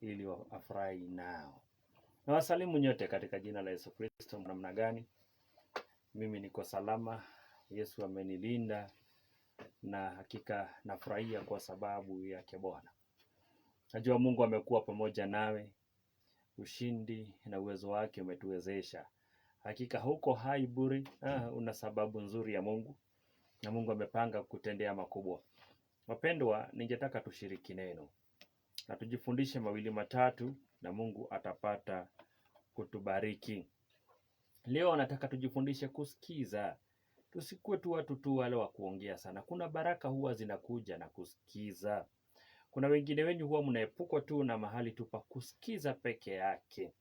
ili afurahi nao. Na wasalimu nyote katika jina la Yesu Kristo. Namna gani? Mimi niko salama, Yesu amenilinda na hakika nafurahia kwa sababu yake Bwana. Najua Mungu amekuwa pamoja nawe, ushindi na uwezo wake umetuwezesha. Hakika huko hai buri. Ah, una sababu nzuri ya Mungu na Mungu amepanga kutendea makubwa. Wapendwa, ningetaka tushiriki neno na tujifundishe mawili matatu, na Mungu atapata kutubariki. Leo nataka tujifundishe kusikiza, tusikuwe tu watu tu wale wa kuongea sana. Kuna baraka huwa zinakuja na kusikiza. Kuna wengine wenyu huwa mnaepukwa tu na mahali tu pa kusikiza peke yake,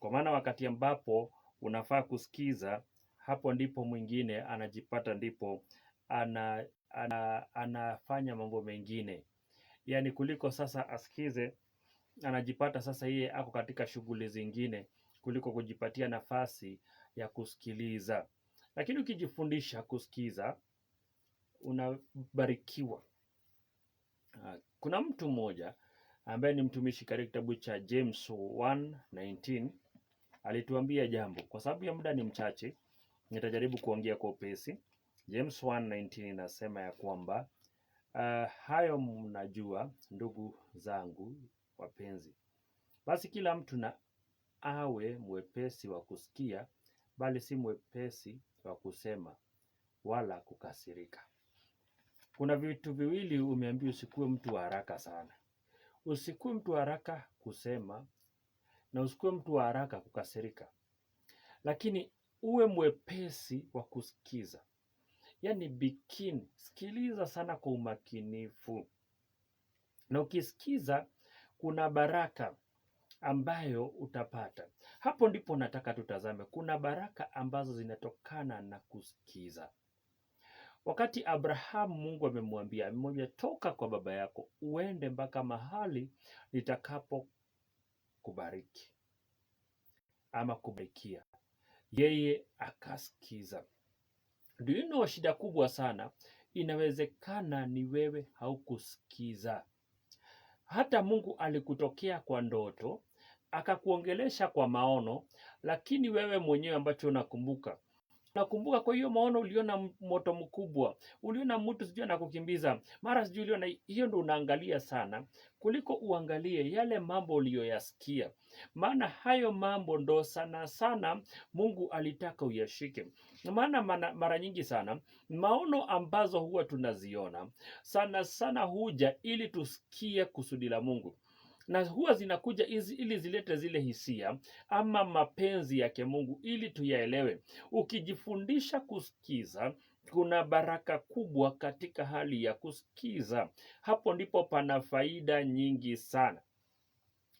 kwa maana wakati ambapo unafaa kusikiza, hapo ndipo mwingine anajipata ndipo ana, ana, anafanya mambo mengine yani kuliko sasa asikize, anajipata sasa yeye ako katika shughuli zingine kuliko kujipatia nafasi ya kusikiliza. Lakini ukijifundisha kusikiza unabarikiwa. Kuna mtu mmoja ambaye ni mtumishi katika kitabu cha James 1:19 alituambia jambo. Kwa sababu ya muda ni mchache, nitajaribu kuongea kwa upesi. James 1:19 inasema ya kwamba Uh, hayo mnajua ndugu zangu wapenzi. Basi kila mtu na awe mwepesi wa kusikia, bali si mwepesi wa kusema wala kukasirika. Kuna vitu viwili umeambiwa, usikue mtu wa haraka sana, usikue mtu wa haraka kusema na usikue mtu wa haraka kukasirika, lakini uwe mwepesi wa kusikiza yani bikin. Sikiliza sana kwa umakinifu, na ukisikiza kuna baraka ambayo utapata. Hapo ndipo nataka tutazame, kuna baraka ambazo zinatokana na kusikiza. Wakati Abrahamu Mungu amemwambia amemwambia, toka kwa baba yako uende mpaka mahali nitakapo kubariki ama kubarikia, yeye akasikiza. Do shida kubwa sana inawezekana ni wewe haukusikiza. Hata Mungu alikutokea kwa ndoto akakuongelesha kwa maono, lakini wewe mwenyewe ambacho unakumbuka Nakumbuka kwa hiyo maono, uliona moto mkubwa, uliona mtu sijui anakukimbiza mara sijui uliona hiyo, ndo unaangalia sana kuliko uangalie yale mambo uliyoyasikia, maana hayo mambo ndo sana sana Mungu alitaka uyashike. Maana mara nyingi sana maono ambazo huwa tunaziona sana sana huja ili tusikie kusudi la Mungu na huwa zinakuja izi, ili zilete zile hisia ama mapenzi yake Mungu ili tuyaelewe. Ukijifundisha kusikiza kuna baraka kubwa katika hali ya kusikiza. Hapo ndipo pana faida nyingi sana.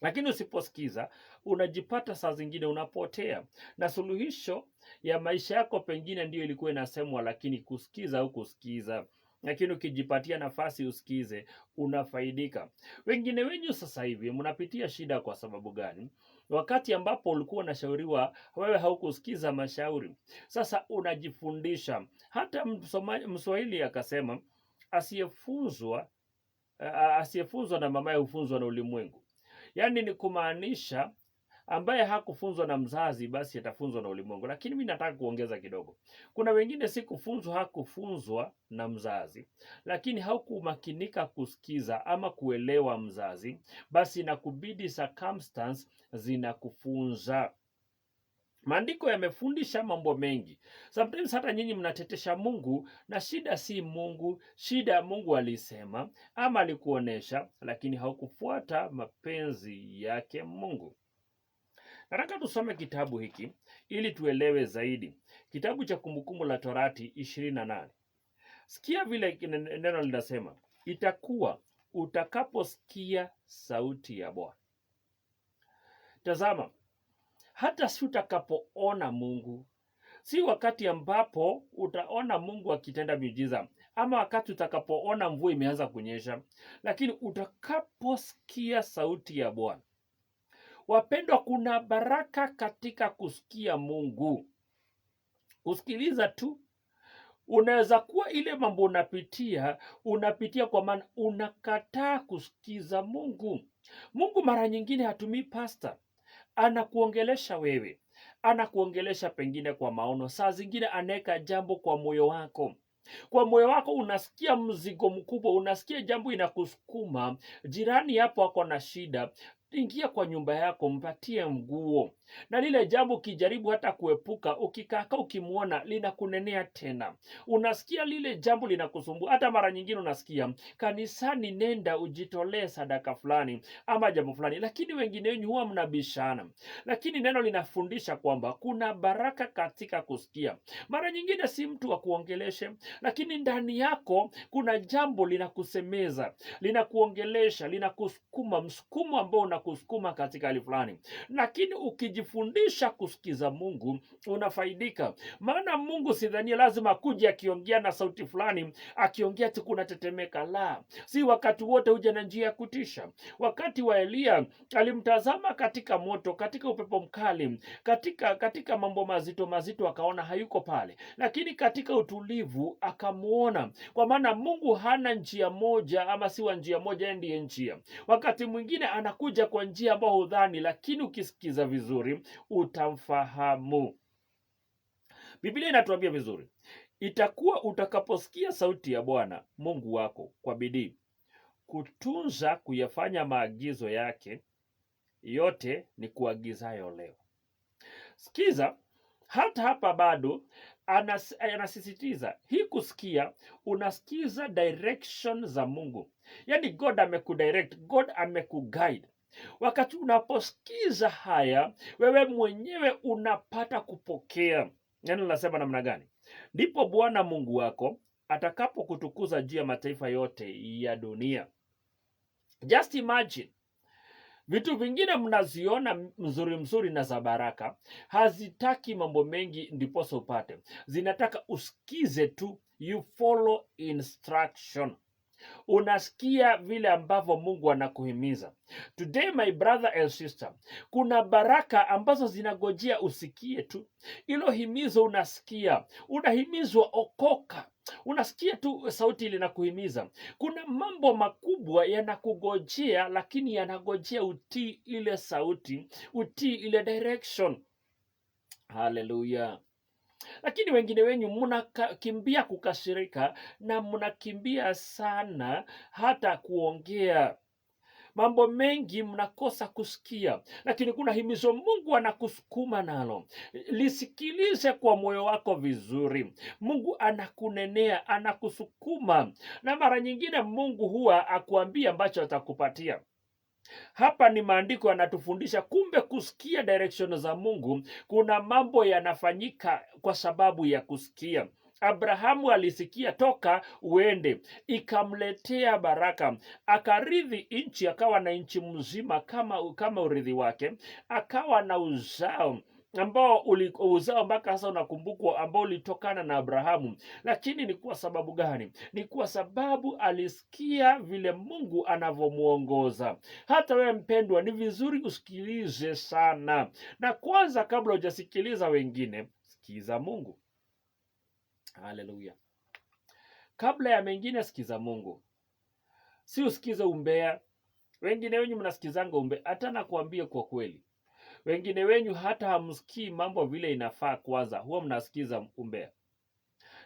Lakini usiposikiza unajipata saa zingine unapotea, na suluhisho ya maisha yako pengine ndiyo ilikuwa inasemwa, lakini kusikiza au kusikiza lakini ukijipatia nafasi usikize, unafaidika. Wengine wenyu sasa hivi mnapitia shida kwa sababu gani? Wakati ambapo ulikuwa unashauriwa wewe haukusikiza mashauri, sasa unajifundisha. Hata mswahili akasema, asiyefunzwa asiyefunzwa na mamaye hufunzwa na ulimwengu. Yaani ni kumaanisha ambaye hakufunzwa na mzazi basi atafunzwa na ulimwengu. Lakini mimi nataka kuongeza kidogo. Kuna wengine si kufunzwa, hakufunzwa na mzazi, lakini haukumakinika kusikiza ama kuelewa mzazi, basi inakubidi circumstance zinakufunza. Maandiko yamefundisha mambo mengi. Sometimes hata nyinyi mnatetesha Mungu na shida si Mungu, shida Mungu alisema ama alikuonesha, lakini haukufuata mapenzi yake Mungu. Nataka tusome kitabu hiki ili tuelewe zaidi. Kitabu cha Kumbukumbu la Torati ishirini na nane. Sikia vile neno linasema, itakuwa utakaposikia sauti ya Bwana. Tazama, hata si utakapoona Mungu, si wakati ambapo utaona Mungu akitenda miujiza ama wakati utakapoona mvua imeanza kunyesha, lakini utakaposikia sauti ya Bwana. Wapendwa, kuna baraka katika kusikia Mungu, kusikiliza tu. Unaweza kuwa ile mambo unapitia unapitia kwa maana unakataa kusikiza Mungu. Mungu mara nyingine hatumii pasta, anakuongelesha wewe, anakuongelesha pengine kwa maono, saa zingine anaweka jambo kwa moyo wako kwa moyo wako unasikia mzigo mkubwa, unasikia jambo inakusukuma. Jirani hapo ako na shida, ingia kwa nyumba yako, mpatie nguo, na lile jambo ukijaribu hata kuepuka, ukikaaka ukimwona, linakunenea tena. Unasikia lile jambo linakusumbua. Hata mara nyingine unasikia kanisani, nenda ujitolee sadaka fulani ama jambo fulani, lakini wengine wenyu huwa mnabishana. Lakini neno linafundisha kwamba kuna baraka katika kusikia. Mara nyingine si mtu akuongeleshe, lakini ndani yako kuna jambo linakusemeza, linakuongelesha, linakusukuma, msukumo ambao unakusukuma katika hali fulani, lakini ukij ukijifundisha kusikiza Mungu unafaidika, maana Mungu sidhani lazima kuja akiongea na sauti fulani, akiongea tu kuna tetemeka. La, si wakati wote huja na njia ya kutisha. Wakati wa Eliya alimtazama katika moto, katika upepo mkali, katika katika mambo mazito mazito, akaona hayuko pale, lakini katika utulivu akamwona, kwa maana Mungu hana njia moja, ama siwa njia moja, ndiye njia. Wakati mwingine anakuja kwa njia ambayo hudhani, lakini ukisikiza vizuri vizuri utamfahamu. Biblia inatuambia vizuri, itakuwa utakaposikia sauti ya Bwana Mungu wako kwa bidii kutunza kuyafanya maagizo yake yote ni kuagizayo leo. Sikiza, hata hapa bado anas, anasisitiza hii kusikia. Unasikiza direction za Mungu, yaani God God amekuguide Wakati unaposikiza haya, wewe mwenyewe unapata kupokea. Neno linasema namna gani? Ndipo Bwana Mungu wako atakapokutukuza juu ya mataifa yote ya dunia. Just imagine vitu vingine mnaziona mzuri mzuri na za baraka, hazitaki mambo mengi ndiposa upate, zinataka usikize tu, you follow instruction unasikia vile ambavyo mungu anakuhimiza today my brother and sister kuna baraka ambazo zinagojea usikie tu ilo himizo unasikia unahimizwa okoka unasikia tu sauti linakuhimiza kuna mambo makubwa yanakugojea lakini yanagojea utii ile sauti utii ile direction haleluya lakini wengine wenyu mnakimbia kukasirika na mnakimbia sana hata kuongea mambo mengi mnakosa kusikia, lakini kuna himizo Mungu anakusukuma nalo, lisikilize kwa moyo wako vizuri. Mungu anakunenea, anakusukuma, na mara nyingine Mungu huwa akuambia ambacho atakupatia. Hapa ni maandiko yanatufundisha, kumbe kusikia direction za Mungu, kuna mambo yanafanyika kwa sababu ya kusikia. Abrahamu alisikia toka uende, ikamletea baraka, akarithi nchi, akawa na nchi mzima kama, kama urithi wake, akawa na uzao ambao uzao mpaka sasa unakumbukwa, ambao ulitokana na Abrahamu. Lakini ni kwa sababu gani? Ni kwa sababu alisikia vile Mungu anavyomwongoza Hata wewe mpendwa, ni vizuri usikilize sana, na kwanza, kabla hujasikiliza wengine, sikiza Mungu. Haleluya! Kabla ya mengine, sikiza Mungu, si usikize umbea. Wengine wenyu mnasikizanga umbea, hata nakuambia kwa kweli wengine wenyu hata hamsikii mambo vile inafaa kwanza huwa mnasikiza umbea.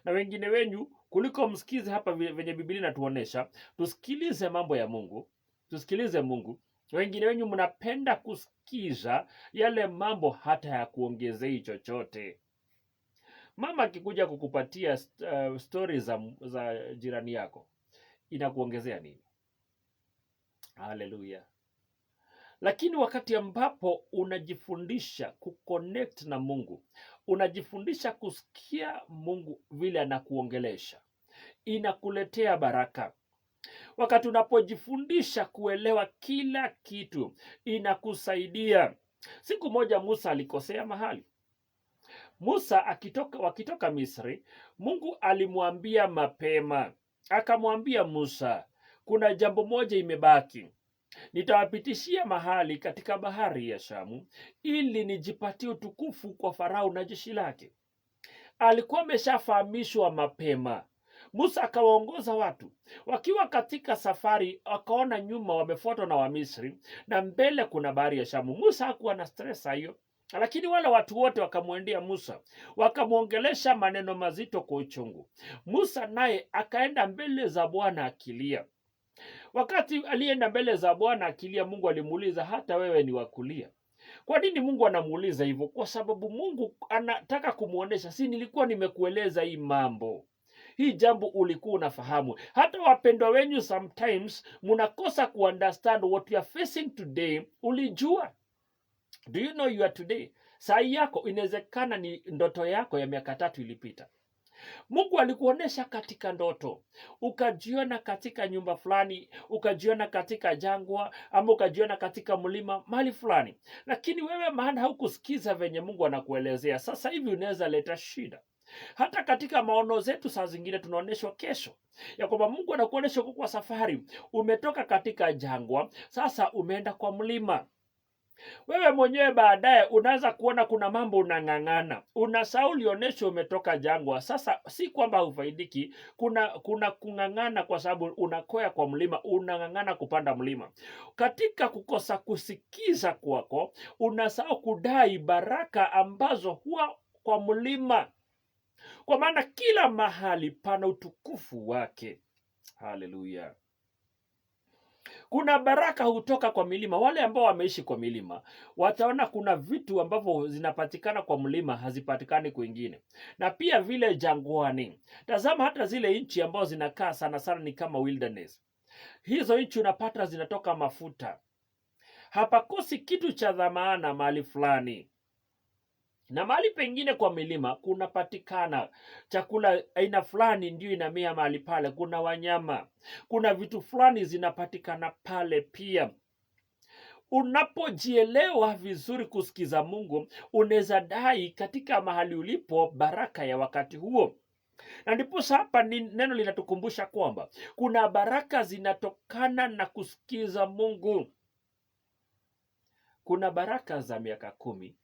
Na wengine wenyu kuliko msikize hapa venye Biblia inatuonesha, tusikilize mambo ya Mungu, tusikilize Mungu. Wengine wenyu mnapenda kusikiza yale mambo hata ya kuongezei chochote. Mama akikuja kukupatia uh, eh, stori za, za jirani yako inakuongezea nini? Haleluya! Lakini wakati ambapo unajifundisha kuconnect na Mungu, unajifundisha kusikia Mungu vile anakuongelesha, inakuletea baraka. Wakati unapojifundisha kuelewa kila kitu, inakusaidia. Siku moja Musa alikosea mahali. Musa akitoka, wakitoka Misri, Mungu alimwambia mapema, akamwambia Musa, kuna jambo moja imebaki Nitawapitishia mahali katika bahari ya Shamu ili nijipatie utukufu kwa Farao na jeshi lake. Alikuwa ameshafahamishwa mapema. Musa akawaongoza watu wakiwa katika safari, wakaona nyuma wamefuatwa na Wamisri na mbele kuna bahari ya Shamu. Musa hakuwa na stress hiyo, lakini wale watu wote wakamwendea Musa wakamwongelesha maneno mazito kwa uchungu. Musa naye akaenda mbele za Bwana akilia. Wakati alienda mbele za Bwana akilia, Mungu alimuuliza hata wewe ni wakulia? Kwa nini Mungu anamuuliza hivyo? Kwa sababu Mungu anataka kumwonyesha, si nilikuwa nimekueleza hii mambo hii jambo ulikuwa unafahamu. Hata wapendwa wenyu, sometimes munakosa kuunderstand what you are facing today. Ulijua, do you know you are today? Saa yako inawezekana ni ndoto yako ya miaka tatu ilipita. Mungu alikuonesha katika ndoto, ukajiona katika nyumba fulani, ukajiona katika jangwa, ama ukajiona katika mlima mahali fulani, lakini wewe maana haukusikiza venye Mungu anakuelezea. Sasa hivi unaweza leta shida hata katika maono zetu saa zingine tunaonyeshwa kesho ya kwamba Mungu anakuonyesha uko kwa safari, umetoka katika jangwa, sasa umeenda kwa mlima wewe mwenyewe baadaye unaweza kuona kuna mambo unang'ang'ana, unasahau ulionyesha umetoka jangwa. Sasa si kwamba ufaidiki kuna kuna kung'ang'ana kwa sababu unakoya kwa mlima, unang'ang'ana kupanda mlima. Katika kukosa kusikiza kwako, unasahau kudai baraka ambazo huwa kwa mlima, kwa maana kila mahali pana utukufu wake. Haleluya! Kuna baraka hutoka kwa milima. Wale ambao wameishi kwa milima wataona kuna vitu ambavyo zinapatikana kwa mlima hazipatikani kwingine, na pia vile jangwani. Tazama hata zile nchi ambazo zinakaa sana sana ni kama wilderness, hizo nchi unapata zinatoka mafuta. Hapakosi kitu cha dhamana mahali fulani na mahali pengine kwa milima kunapatikana chakula aina fulani, ndio inamea mahali pale. Kuna wanyama, kuna vitu fulani zinapatikana pale pia. Unapojielewa vizuri kusikiza Mungu, unaweza dai katika mahali ulipo baraka ya wakati huo na ndiposa hapa ni neno linatukumbusha kwamba kuna baraka zinatokana na kusikiza Mungu. Kuna baraka za miaka kumi,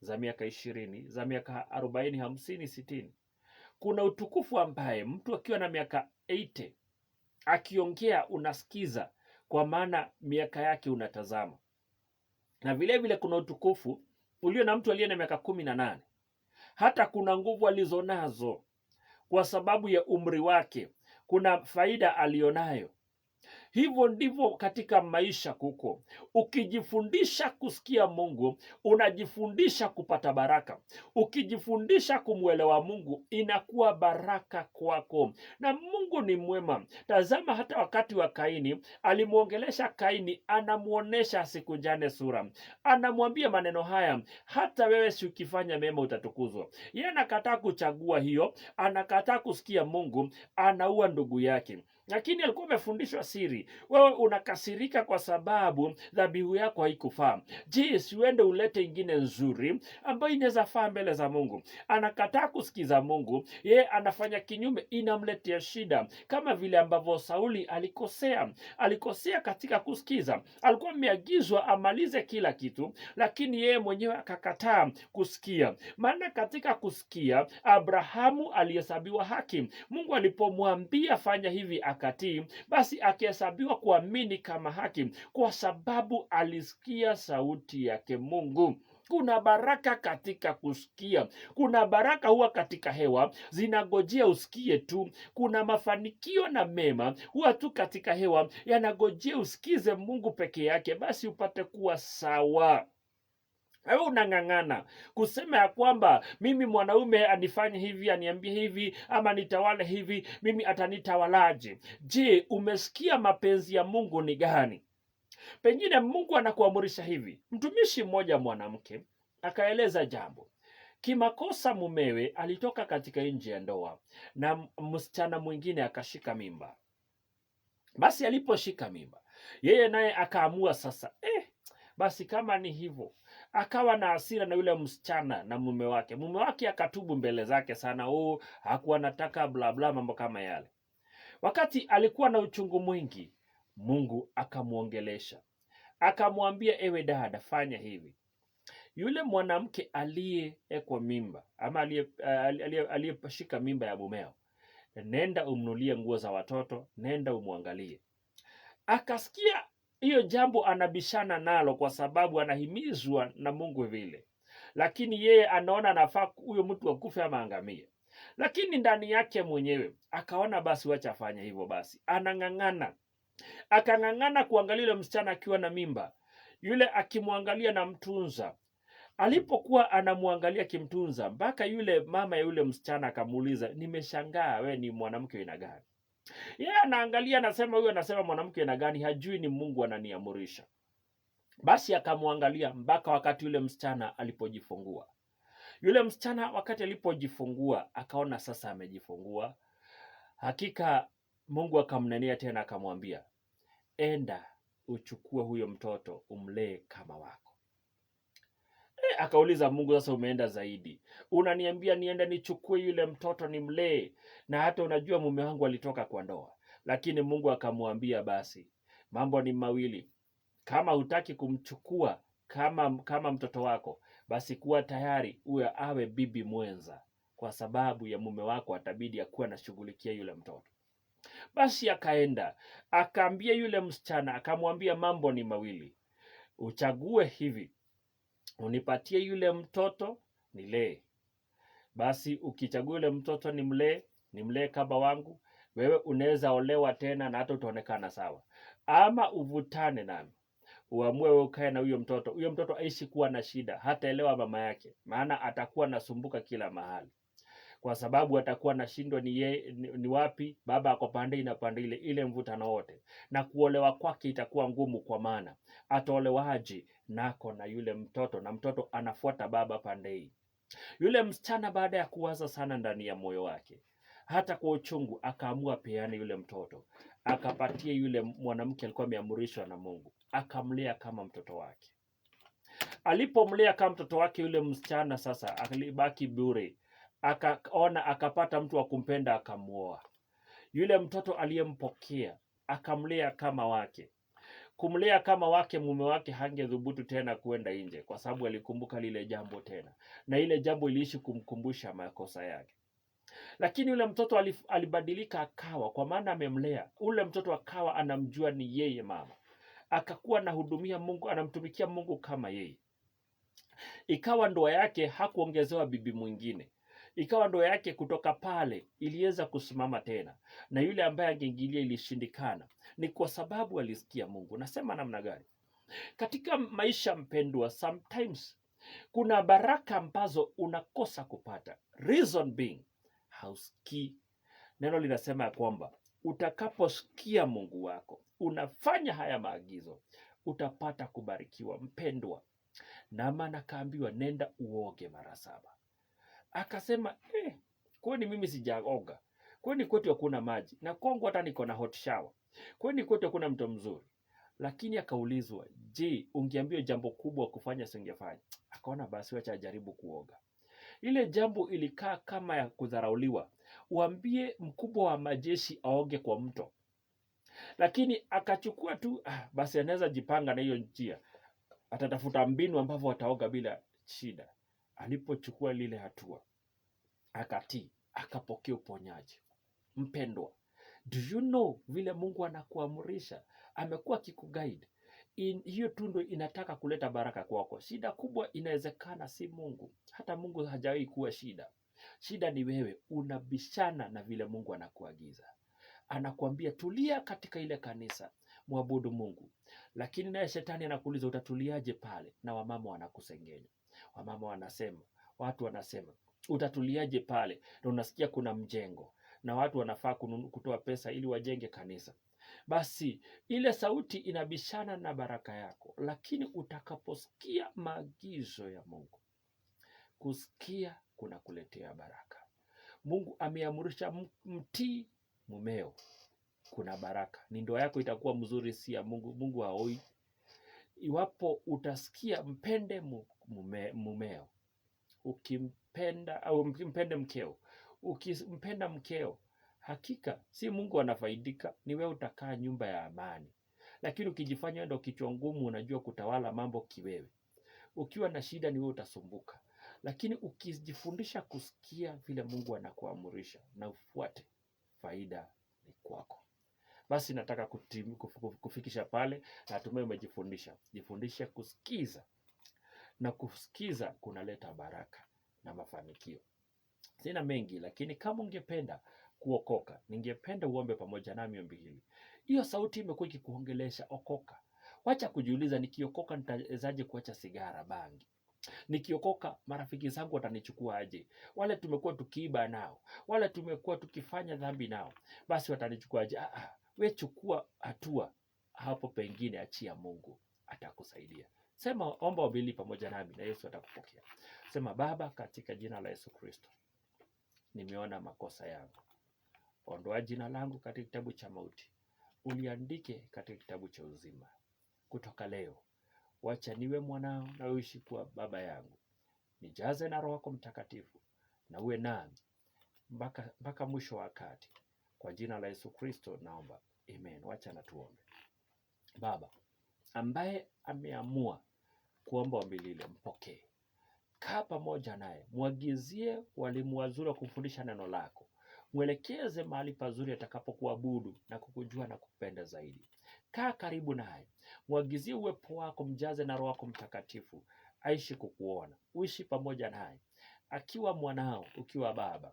za miaka ishirini za miaka arobaini hamsini sitini. Kuna utukufu ambaye mtu akiwa na miaka 80 akiongea unasikiza, kwa maana miaka yake unatazama. Na vilevile vile kuna utukufu ulio na mtu aliye na miaka kumi na nane hata kuna nguvu alizonazo kwa sababu ya umri wake, kuna faida aliyonayo Hivyo ndivyo katika maisha kuko. Ukijifundisha kusikia Mungu, unajifundisha kupata baraka. Ukijifundisha kumwelewa Mungu, inakuwa baraka kwako, na Mungu ni mwema. Tazama, hata wakati wa Kaini alimwongelesha Kaini, anamwonyesha jane sura, anamwambia maneno haya, hata wewe si ukifanya mema utatukuzwa. Yeye anakataa kuchagua hiyo, anakataa kusikia Mungu, anaua ndugu yake lakini alikuwa amefundishwa siri. Wewe unakasirika kwa sababu dhabihu yako haikufaa. Je, siuende ulete ingine nzuri ambayo inaweza faa mbele za Mungu? Anakataa kusikiza Mungu, yeye anafanya kinyume, inamletea shida, kama vile ambavyo Sauli alikosea. Alikosea katika kusikiza, alikuwa ameagizwa amalize kila kitu, lakini yeye mwenyewe akakataa kusikia. Maana katika kusikia Abrahamu alihesabiwa haki. Mungu alipomwambia fanya hivi akatii, basi akihesabiwa kuamini kama haki, kwa sababu alisikia sauti yake Mungu. Kuna baraka katika kusikia. Kuna baraka huwa katika hewa zinagojea usikie tu. Kuna mafanikio na mema huwa tu katika hewa yanagojea usikize Mungu peke yake, basi upate kuwa sawa. Wewe unang'ang'ana kusema ya kwamba mimi mwanaume anifanye hivi, aniambie hivi, ama nitawale hivi, mimi atanitawalaje? Je, umesikia mapenzi ya Mungu ni gani? Pengine Mungu anakuamurisha hivi. Mtumishi mmoja mwanamke akaeleza jambo kimakosa, mumewe alitoka katika nje ya ndoa na msichana mwingine akashika mimba. Basi aliposhika mimba, yeye naye akaamua sasa, eh, basi kama ni hivyo akawa na hasira na yule msichana na mume wake. Mume wake akatubu mbele zake sana, oh, hakuwa nataka bla bla, mambo kama yale. Wakati alikuwa na uchungu mwingi, Mungu akamwongelesha akamwambia, ewe dada, fanya hivi. Yule mwanamke aliyeekwa mimba ama eh, aliyeshika mimba ya mumeo, nenda umnulie nguo za watoto, nenda umwangalie. Akasikia hiyo jambo anabishana nalo kwa sababu anahimizwa na Mungu vile, lakini yeye anaona anafaa huyo mtu akufe ama angamie, lakini ndani yake mwenyewe akaona basi, wacha afanye hivyo. Basi anang'ang'ana, akang'ang'ana kuangalia yule msichana akiwa na mimba, yule akimwangalia na mtunza alipokuwa anamwangalia kimtunza, mpaka yule mama ya yule msichana akamuuliza, nimeshangaa we ni mwanamke aina gani? Yeye yeah, anaangalia anasema, huyu anasema mwanamke na gani, hajui ni Mungu ananiamurisha. Basi akamwangalia mpaka wakati yule msichana alipojifungua. Yule msichana wakati alipojifungua, akaona sasa amejifungua hakika. Mungu akamnenea tena, akamwambia, enda uchukue huyo mtoto umlee kama wako akauliza Mungu, sasa umeenda zaidi, unaniambia niende nichukue yule mtoto nimlee, na hata unajua mume wangu alitoka kwa ndoa. Lakini Mungu akamwambia, basi mambo ni mawili, kama hutaki kumchukua kama kama mtoto wako, basi kuwa tayari uwe awe bibi mwenza, kwa sababu ya mume wako atabidi akuwa anashughulikia yule mtoto. Basi akaenda akaambia yule msichana, akamwambia mambo ni mawili, uchague hivi unipatie yule mtoto nilee. Basi ukichagua yule mtoto nimlee, nimlee kama wangu, wewe unaweza olewa tena na hata utaonekana sawa, ama uvutane nami uamue wewe ukae na huyo mtoto. Huyo mtoto aishi kuwa na shida, hataelewa mama yake, maana atakuwa nasumbuka kila mahali kwa sababu atakuwa anashindwa ni, ye, ni, ni wapi baba ako pande na pande ile, ile mvutano wote, na kuolewa kwake itakuwa ngumu, kwa maana ataolewaje nako na yule mtoto, na mtoto anafuata baba pande hii. Yule msichana baada ya kuwaza sana ndani ya moyo wake, hata kwa uchungu, akaamua peane yule mtoto, akapatia yule mwanamke alikuwa ameamrishwa na Mungu, akamlea kama mtoto wake. Alipomlea kama mtoto wake, yule msichana sasa alibaki bure akaona akapata mtu wa kumpenda akamwoa. Yule mtoto aliyempokea akamlea kama wake. Kumlea kama wake, mume wake hangedhubutu tena kuenda nje, kwa sababu alikumbuka lile jambo tena, na ile jambo iliishi kumkumbusha makosa yake. Lakini yule mtoto alibadilika, akawa kwa maana amemlea ule mtoto, akawa anamjua ni yeye mama, akakuwa anahudumia Mungu, anamtumikia Mungu kama yeye. Ikawa ndoa yake hakuongezewa bibi mwingine, Ikawa ndoa yake kutoka pale iliweza kusimama tena, na yule ambaye angeingilia ilishindikana. Ni kwa sababu alisikia Mungu. Nasema namna gani? Katika maisha mpendwa, sometimes kuna baraka ambazo unakosa kupata, reason being hausikii. Neno linasema ya kwamba utakaposikia Mungu wako unafanya haya maagizo, utapata kubarikiwa. Mpendwa, maana kaambiwa, nenda uoge mara saba. Akasema eh, kwani mimi sijaoga? Kwani kwetu hakuna maji? Na Kongo hata niko na hot shower. Kwani kwetu hakuna mto mzuri? Lakini akaulizwa, je, ungeambiwa jambo kubwa kufanya singefanya? Akaona basi wacha ajaribu kuoga. Ile jambo ilikaa kama ya kudharauliwa. Uambie mkubwa wa majeshi aoge kwa mto, lakini akachukua tu ah, basi anaweza jipanga na hiyo njia, atatafuta mbinu ambavyo ataoga bila shida alipochukua lile hatua akatii, akapokea uponyaji. Mpendwa, do you know vile Mungu anakuamrisha, amekuwa kikuguide hiyo tu ndo inataka kuleta baraka kwako. Shida kubwa inawezekana si Mungu, hata Mungu hajawahi kuwa shida. Shida ni wewe unabishana na vile Mungu anakuagiza. Anakuambia tulia katika ile kanisa, mwabudu Mungu, lakini naye shetani anakuuliza utatuliaje pale na wamama wanakusengenya wamama wanasema, watu wanasema, utatuliaje pale? Na unasikia kuna mjengo na watu wanafaa kutoa pesa ili wajenge kanisa. Basi ile sauti inabishana na baraka yako, lakini utakaposikia maagizo ya Mungu, kusikia kunakuletea baraka. Mungu ameamurisha mtii mumeo, kuna baraka. Ni ndoa yako itakuwa mzuri, si ya Mungu? Mungu haoi. Iwapo utasikia mpende Mungu mume, mumeo, ukimpenda au mpende mkeo, ukimpenda mkeo, hakika si Mungu anafaidika, ni wewe utakaa nyumba ya amani. Lakini ukijifanya ndio kichwa ngumu, unajua kutawala mambo kiwewe, ukiwa na shida ni wewe utasumbuka. Lakini ukijifundisha kusikia vile Mungu anakuamurisha na ufuate, faida ni kwako. Basi nataka kufikisha pale. Natumai umejifundisha. Jifundishe kusikiza na kusikiza kunaleta baraka na mafanikio. Sina mengi, lakini kama ungependa kuokoka, ningependa uombe pamoja nami ombi hili. Hiyo sauti imekuwa ikikuongelesha okoka. Wacha kujiuliza, nikiokoka nitawezaje kuacha sigara, bangi? Nikiokoka marafiki zangu watanichukua aje? Wale tumekuwa tukiiba nao, wale tumekuwa tukifanya dhambi nao, basi watanichukua aje? Ah, we chukua hatua hapo, pengine achia Mungu, atakusaidia. Sema, omba ombi pamoja nami na Yesu atakupokea. Sema, Baba, katika jina la Yesu Kristo, nimeona makosa yangu, ondoa jina langu katika kitabu cha mauti, uliandike katika kitabu cha uzima. Kutoka leo, wacha niwe mwanao na uishi kuwa baba yangu, nijaze na Roho yako Mtakatifu na uwe nami mpaka mpaka mwisho wa wakati, kwa jina la Yesu Kristo naomba, amen. Wacha natuombe. Baba ambaye ameamua kuomba ombi lile, mpokee. Kaa pamoja naye, mwagizie walimu wazuri wa kumfundisha neno lako, mwelekeze mahali pazuri atakapokuabudu na kukujua na kupenda zaidi. Kaa karibu naye, mwagizie uwepo wako, mjaze na Roho wako Mtakatifu aishi kukuona, uishi pamoja naye, akiwa mwanao, ukiwa baba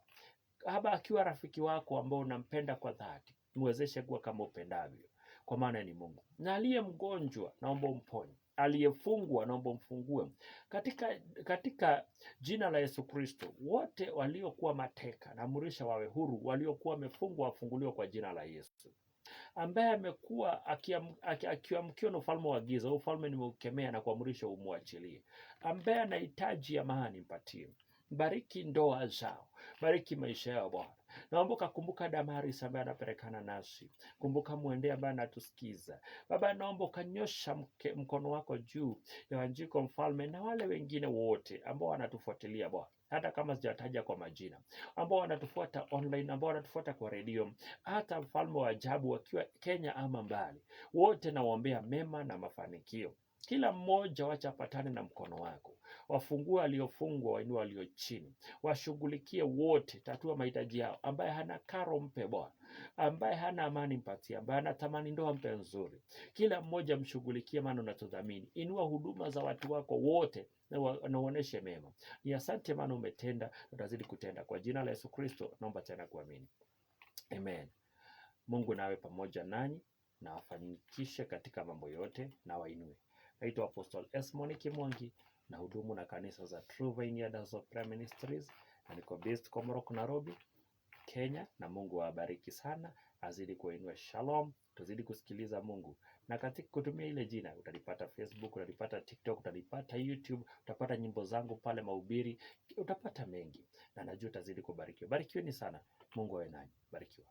haba, akiwa rafiki wako ambao unampenda kwa dhati, mwezeshe kuwa kama upendavyo, kwa maana ni Mungu. Na aliye mgonjwa, naomba umponye aliyefungwa naomba mfungue katika, katika jina la Yesu Kristo. Wote waliokuwa mateka na naamrisha wawe huru, waliokuwa wamefungwa wafunguliwe kwa jina la Yesu. Ambaye amekuwa akiamkiwa na ufalme wa giza, ufalme nimeukemea na kuamrisha umwachilie. Ambaye anahitaji amani, mpatie Bariki ndoa zao, bariki maisha yao Bwana. Naomba ukakumbuka Damaris ambaye anapelekana nasi, kumbuka mwende ambaye anatusikiza Baba. Naomba ukanyosha mkono wako juu ya Wanjiko Mfalme na wale wengine wote ambao wanatufuatilia Bwana, hata kama sijataja kwa majina, ambao wanatufuata online, ambao wanatufuata kwa redio, hata mfalme wa ajabu, wakiwa Kenya ama mbali, wote nawaombea mema na mafanikio. Kila mmoja wacha apatane na mkono wako wafungue waliofungwa, wainue walio chini, washughulikie wote, tatua mahitaji yao. Ambaye hana karo mpe Bwana, ambaye hana amani mpatie, ambaye anatamani ndoa mpe nzuri. Kila mmoja mshughulikie, maana unatudhamini. Inua huduma za watu wako wote na uoneshe mema. Ni asante maana umetenda, utazidi kutenda. Kwa jina la Yesu Kristo naomba tena kuamini, amen. Mungu nawe pamoja nanyi na wafanikishe katika mambo yote na wainue. Naitwa Apostle Esmoni Kimwangi na hudumu na kanisa za True Vineyard House of Prayer Ministries na niko based Komorok, Nairobi, Kenya, na Mungu awabariki sana, azidi kuinua. Shalom, tuzidi kusikiliza Mungu na katika kutumia ile jina utalipata Facebook, utalipata TikTok, utalipata YouTube, utapata nyimbo zangu pale, mahubiri, utapata mengi, na najua utazidi kubarikiwa. Barikiweni sana, Mungu awe nanyi, barikiwa.